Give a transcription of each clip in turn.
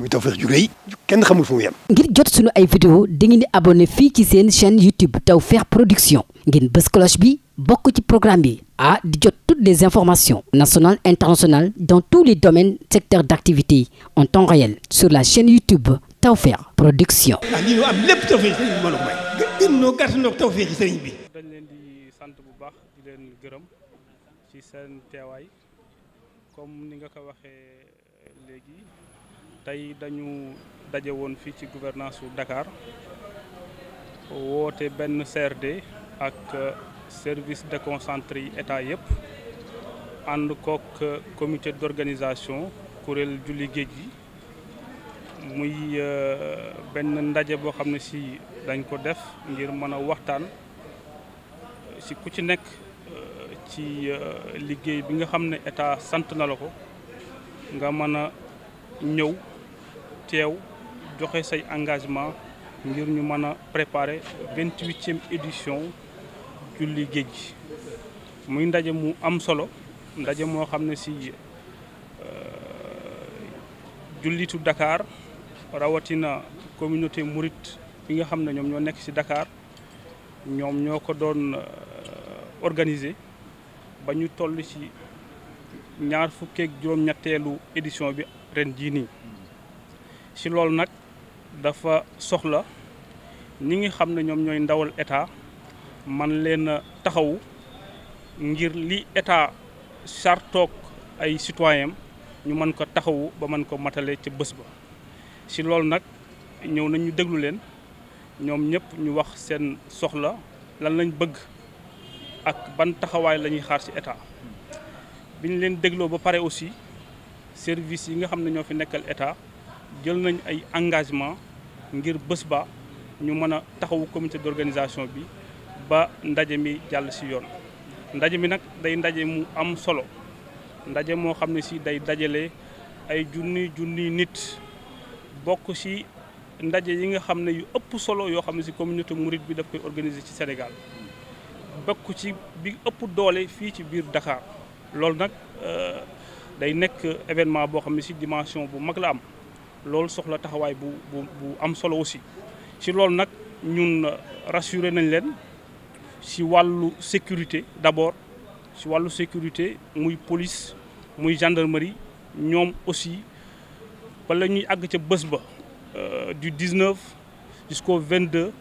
muy Tawfekh ju rëy kenn xamul fu mu ngir jot sunu ay vidéo dangeen di abonné fii ci seen chaîne YouTube Tawfekh Production ngeen bës bi bokk ci programme bi a di jot toutes des informations nationales internationales dans tous les domaines secteurs d'activité en temps réel sur la chaîne YouTube Tawfekh Production. ah lii ñu am lépp Tawfekh sëriñ bi mbooloo bi. dañ leen di sant bu baax di leen gërëm ci seen teewaay comme ni nga ko waxee léegi. tey dañu daje woon fii ci gouvernance wu Dakar woote benn CRD ak euh, service déconcentré yi état yëpp ànd kook euh, comité d'organisation kuréel julli géej gi muy euh, benn ndaje boo xam ne si dañ ko def ngir mën a waxtaan si ku ci nekk ci liggéey bi nga xam ne état sant na la ko nga mën a ñëw teew joxe say engagement ngir ñu mën a préparer vingt-huitième édition julli géej muy ndaje mu am solo ndaje moo xam ne si euh, jullitu Dakar rawatina communauté mouride bi nga xam ne ñoom ñoo nekk ci Dakar ñoom ñoo ko doon euh, organiser ba ñu toll ci ñaar fukkeek juróom-ñetteelu édition bi ren jii nii. si loolu nag dafa soxla ñi ngi xam ne ñoom ñooy ndawal état man leen a taxawu ngir li état sartoog ay citoyen ñu mën ko taxawu ba mën ko matale ca bés ba si loolu nag ñëw nañu déglu leen ñoom ñëpp ñu wax seen soxla lan lañ bëgg ak ban taxawaay la ñuy xaar si état bi ñu leen dégloo ba pare aussi service yi nga xam ne ñoo fi nekkal état jël nañ ay engagement ngir bés ba ñu mën a taxawu comité d'organisation bi ba ndaje mi jàll ci yoon ndaje mi nag day ndaje mu am solo ndaje moo xam ne si day dajale ay junni junni nit bokk ci ndaje yi nga xam ne yu ëpp solo yoo xam ne ci communauté mouride bi daf koy organiser ci Sénégal bokk ci bi ëpp doole fii ci biir Dakar loolu nag euh, day nekk événement boo xam ne ci dimension bu mag la am loolu soxla taxawaay bu bu bu am solo aussi ci loolu nag ñun rassuré nañ leen ci wàllu sécurité d'abord ci wàllu sécurité muy police muy gendarmerie ñoom aussi bala ñuy àgg ca bés ba euh, du 19 vingt deux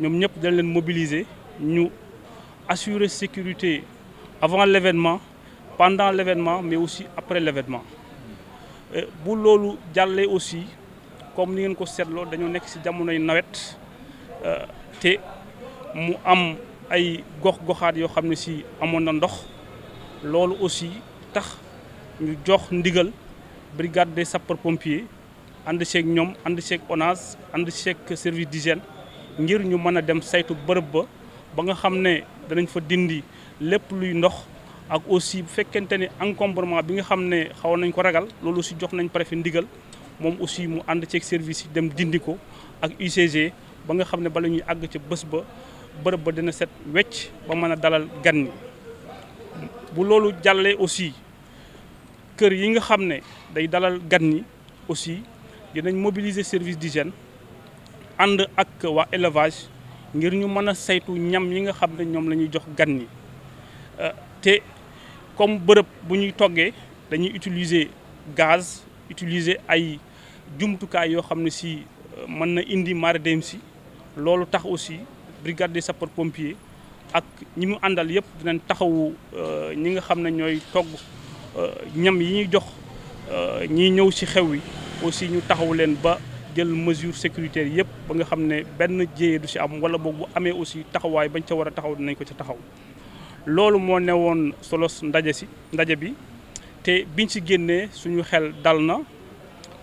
ñoom ñëpp dañ leen mobiliser ñu assurer sécurité avant l'événement pendant l'événement mais aussi après l'événement Eh, bu loolu jàllee aussi comme li ngeen ko seetloo dañoo nekk ci jamonoy nawet eh, te mu am ay gox-goxaat yoo xam ne si amoon na ndox loolu aussi tax ñu jox ndigal brigade des sapeurs pompiers ànd seeg ñoom ànd seeg ONAS ànd seeg service d'hygiène ngir ñu mën a dem saytu bërëb ba ba nga xam ne danañ fa dindi lépp luy ndox. ak aussi bu fekkente ni encombrement bi nga xam ne xawoon nañ ko ragal loolu aussi jox nañ préfet ndigal moom aussi mu ànd ceeg service yi dem dindi ko ak UCG ba nga xam ne bala ñuy àgg ca bës ba bërëb ba dina set wecc ba mën a dalal gan ñi bu loolu jàllee aussi kër yi nga xam ne day dalal gan ñi aussi dinañ mobiliser service d'hygiène ànd ak waa élevage ngir ñu mën a saytu ñam yi nga xam ne ñoom la ñuy jox gan ñi euh, te comme bërëb bu ñuy toggee dañuy utiliser gaz utiliser ay jumtukaay yoo xam ne si euh, mën na indi mare dem si loolu tax aussi brigade des sapeurs pompiers ak ñi mu àndal yëpp dinañ taxawu euh, ñi nga xam ne ñooy togg euh, ñam yi ñuy jox ñi ñëw ci xew yi aussi ñu taxawu leen ba jël mesure sécuritaire yëpp ba nga xam ne benn jéyee du ci am walla boog bu amee aussi taxawaay bañ ca war a taxaw dinañ ko ca taxaw loolu moo ne woon solos ndaje si ndaje bi te biñ si génnee suñu xel dal na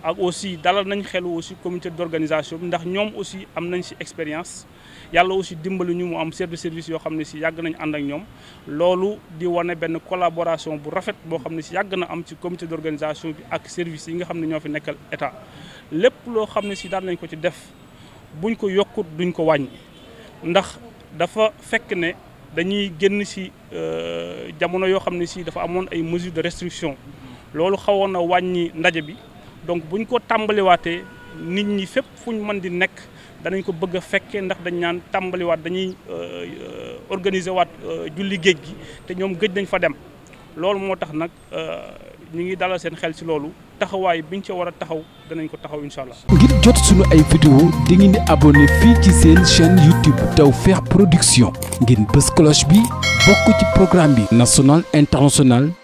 ak aussi dalal nañ xelu aussi comité d'organisation bi ndax ñoom aussi am nañ ci expérience yàlla aussi dimbali ñu mu am chef de service yoo xam ne si yàgg nañ ànd ñoom loolu di wane benn collaboration bu rafet boo xam ne ci yàgg na am ci comité d'organisation bi ak service yi nga xam ne ñoo fi nekkal état lépp loo xam ne si dal nañ ko ci def buñ ko yokkut duñ ko wàññi ndax dafa fekk ne dañuy génn si euh, jamono yoo xam ne sii dafa amoon ay mesures de restriction loolu xawoon na wàññi ndaje bi donc bu ñu ko tàmbaliwaatee nit ñi fépp fu ñu mën di nekk danañ ko bëgg a fekkee ndax dañ naan tàmbaliwaat dañuy euh, euh, organiser waat julli géej gi te ñoom gëj nañ fa dem loolu moo tax nag ñu ngi dalal seen xel si loolu. taxawaay biñ ca war a taxaw danañ ko taxaw incha allah. ngir jot suñu ay vidéo di di abonné fii ci seen chaîne YouTube Tawfekh Production ngeen bës cloche bi bokk ci programme bi national international.